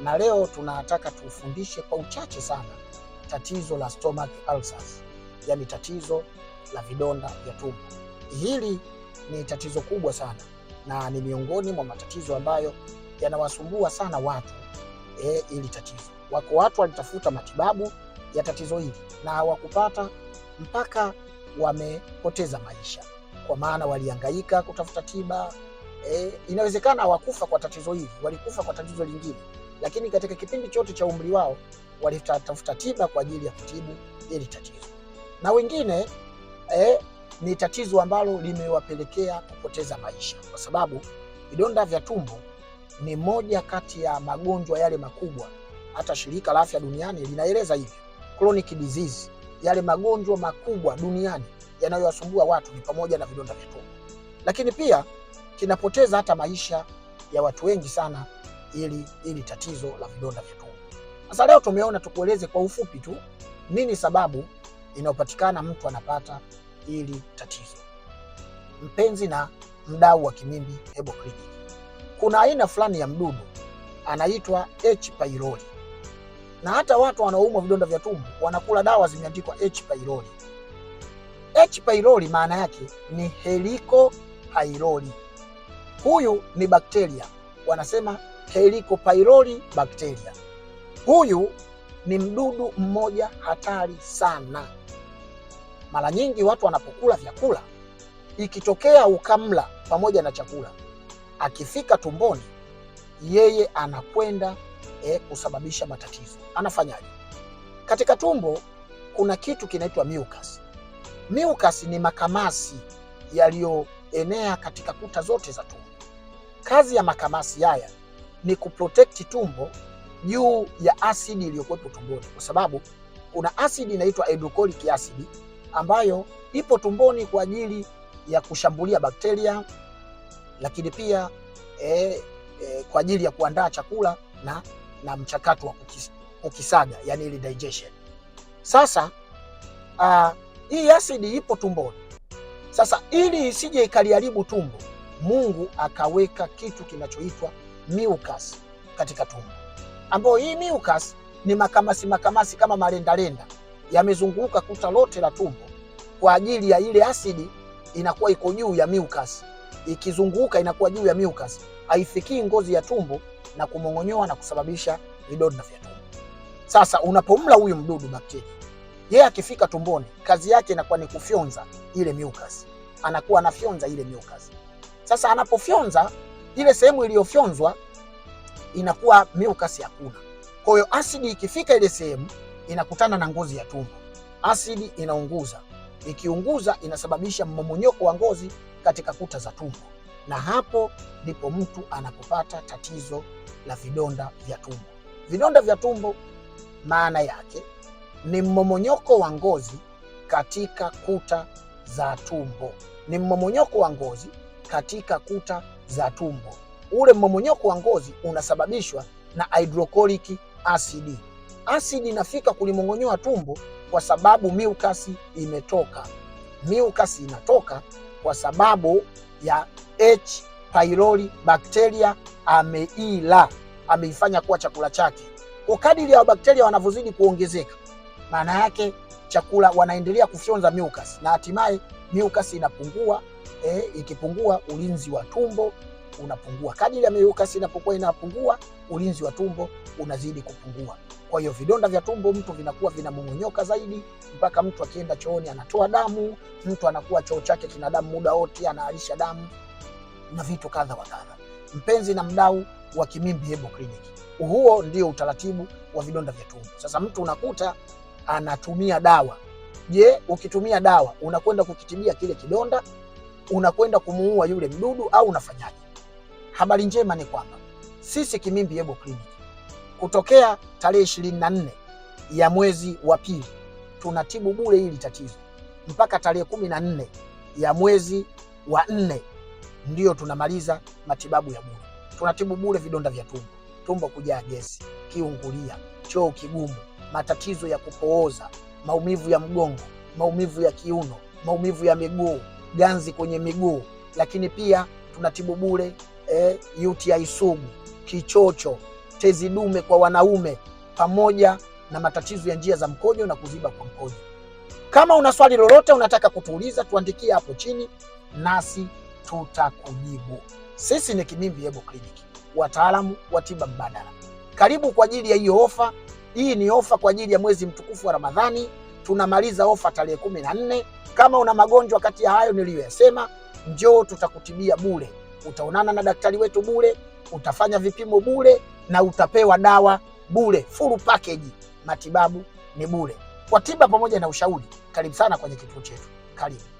na leo tunataka tufundishe kwa uchache sana tatizo la stomach ulcers, yani tatizo la vidonda vya tumbo. Hili ni tatizo kubwa sana na ni miongoni mwa matatizo ambayo yanawasumbua sana watu e, ili tatizo. Wako watu walitafuta matibabu ya tatizo hili na hawakupata mpaka wamepoteza maisha, kwa maana walihangaika kutafuta tiba e, inawezekana hawakufa kwa tatizo hili, walikufa kwa tatizo lingine lakini katika kipindi chote cha umri wao walitafuta tiba kwa ajili ya kutibu ili tatizo, na wengine eh, ni tatizo ambalo limewapelekea kupoteza maisha, kwa sababu vidonda vya tumbo ni moja kati ya magonjwa yale makubwa. Hata shirika la afya duniani linaeleza hivyo, chronic disease, yale magonjwa makubwa duniani yanayowasumbua watu ni pamoja na vidonda vya tumbo, lakini pia kinapoteza hata maisha ya watu wengi sana ili ili tatizo la vidonda vya tumbo. Sasa leo tumeona tukueleze kwa ufupi tu nini sababu inayopatikana mtu anapata ili tatizo. Mpenzi na mdau wa Kimimbi Herbal Clinic, kuna aina fulani ya mdudu anaitwa H pylori, na hata watu wanaoumwa vidonda vya tumbo wanakula dawa zimeandikwa H pylori. H pylori maana yake ni Helico pylori. Huyu ni bakteria wanasema Helicobacter bakteria. Huyu ni mdudu mmoja hatari sana. Mara nyingi watu wanapokula vyakula, ikitokea ukamla pamoja na chakula, akifika tumboni, yeye anakwenda e, kusababisha matatizo. Anafanyaje? Katika tumbo kuna kitu kinaitwa mucus. Mucus ni makamasi yaliyoenea katika kuta zote za tumbo. Kazi ya makamasi haya ni kuprotekti tumbo juu ya asidi iliyokuwepo tumboni, kwa sababu kuna asidi inaitwa hydrochloric acid ambayo ipo tumboni kwa ajili ya kushambulia bakteria, lakini pia e, e, kwa ajili ya kuandaa chakula na, na mchakato wa kukis, kukisaga yani ile digestion. Sasa uh, hii asidi ipo tumboni. Sasa ili isije ikaliharibu tumbo, Mungu akaweka kitu kinachoitwa mucus katika tumbo, ambayo hii mucus ni makamasi makamasi kama malendarenda yamezunguka kuta lote la tumbo kwa ajili ya ile asidi inakuwa iko juu ya mucus, ikizunguka inakuwa juu ya mucus, haifikii ngozi ya tumbo na kumong'onyoa na kusababisha vidonda vya tumbo. Sasa unapomla huyu mdudu bakteria, yeye akifika tumboni, kazi yake inakuwa ni kufyonza ile mucus, anakuwa anafyonza ile mucus. Sasa anapofyonza ile sehemu iliyofyonzwa inakuwa mucus hakuna. Kwa hiyo asidi ikifika ile sehemu inakutana na ngozi ya tumbo, asidi inaunguza, ikiunguza inasababisha mmomonyoko wa ngozi katika kuta za tumbo, na hapo ndipo mtu anapopata tatizo la vidonda vya tumbo. Vidonda vya tumbo maana yake ni mmomonyoko wa ngozi katika kuta za tumbo, ni mmomonyoko wa ngozi katika kuta za tumbo. Ule mmomonyoko wa ngozi unasababishwa na hydrochloric acid. Asidi inafika kulimong'onyoa tumbo kwa sababu mucus imetoka. Mucus inatoka kwa sababu ya H pylori bakteria ameila, ameifanya kuwa chakula chake. Kwa kadiri ya bakteria wanavyozidi kuongezeka, maana yake chakula wanaendelea kufyonza mucus na hatimaye mucus inapungua eh, ikipungua ulinzi wa tumbo unapungua. Kadiri ya mucus inapokuwa inapungua, ulinzi wa tumbo unazidi kupungua. Kwa hiyo vidonda vya tumbo mtu vinakuwa vinamung'unyoka zaidi, mpaka mtu akienda chooni anatoa damu, mtu anakuwa choo chake kina damu muda wote, anaalisha damu na vitu kadha wa kadha. Mpenzi na mdau wa Kimimbi Herbal Clinic, huo ndio utaratibu wa vidonda vya tumbo. Sasa mtu unakuta anatumia dawa. Je, ukitumia dawa unakwenda kukitibia kile kidonda unakwenda kumuua yule mdudu au unafanyaje? Habari njema ni kwamba sisi Kimimbi Ebo Clinic kutokea tarehe 24 ya mwezi wa pili tunatibu bure hili tatizo mpaka tarehe 14 ya mwezi wa nne ndiyo tunamaliza matibabu ya bure. Tunatibu bure vidonda vya tumbo, tumbo kujaa gesi, kiungulia, choo kigumu, matatizo ya kupooza, maumivu ya mgongo, maumivu ya kiuno, maumivu ya miguu ganzi kwenye miguu, lakini pia tunatibu bure eh, UTI sugu, kichocho, tezi dume kwa wanaume pamoja na matatizo ya njia za mkojo na kuziba kwa mkojo. Kama una swali lolote unataka kutuuliza, tuandikie hapo chini nasi tutakujibu. Sisi ni Kimimbi Hebo Kliniki, wataalamu wa tiba mbadala. Karibu kwa ajili ya hiyo ofa. Hii ni ofa kwa ajili ya mwezi mtukufu wa Ramadhani tunamaliza ofa tarehe kumi na nne. Kama una magonjwa kati ya hayo niliyoyasema, njoo tutakutibia bure, utaonana na daktari wetu bure, utafanya vipimo bure na utapewa dawa bure, full package, matibabu ni bure kwa tiba pamoja na ushauri. Karibu sana kwenye kituo chetu, karibu.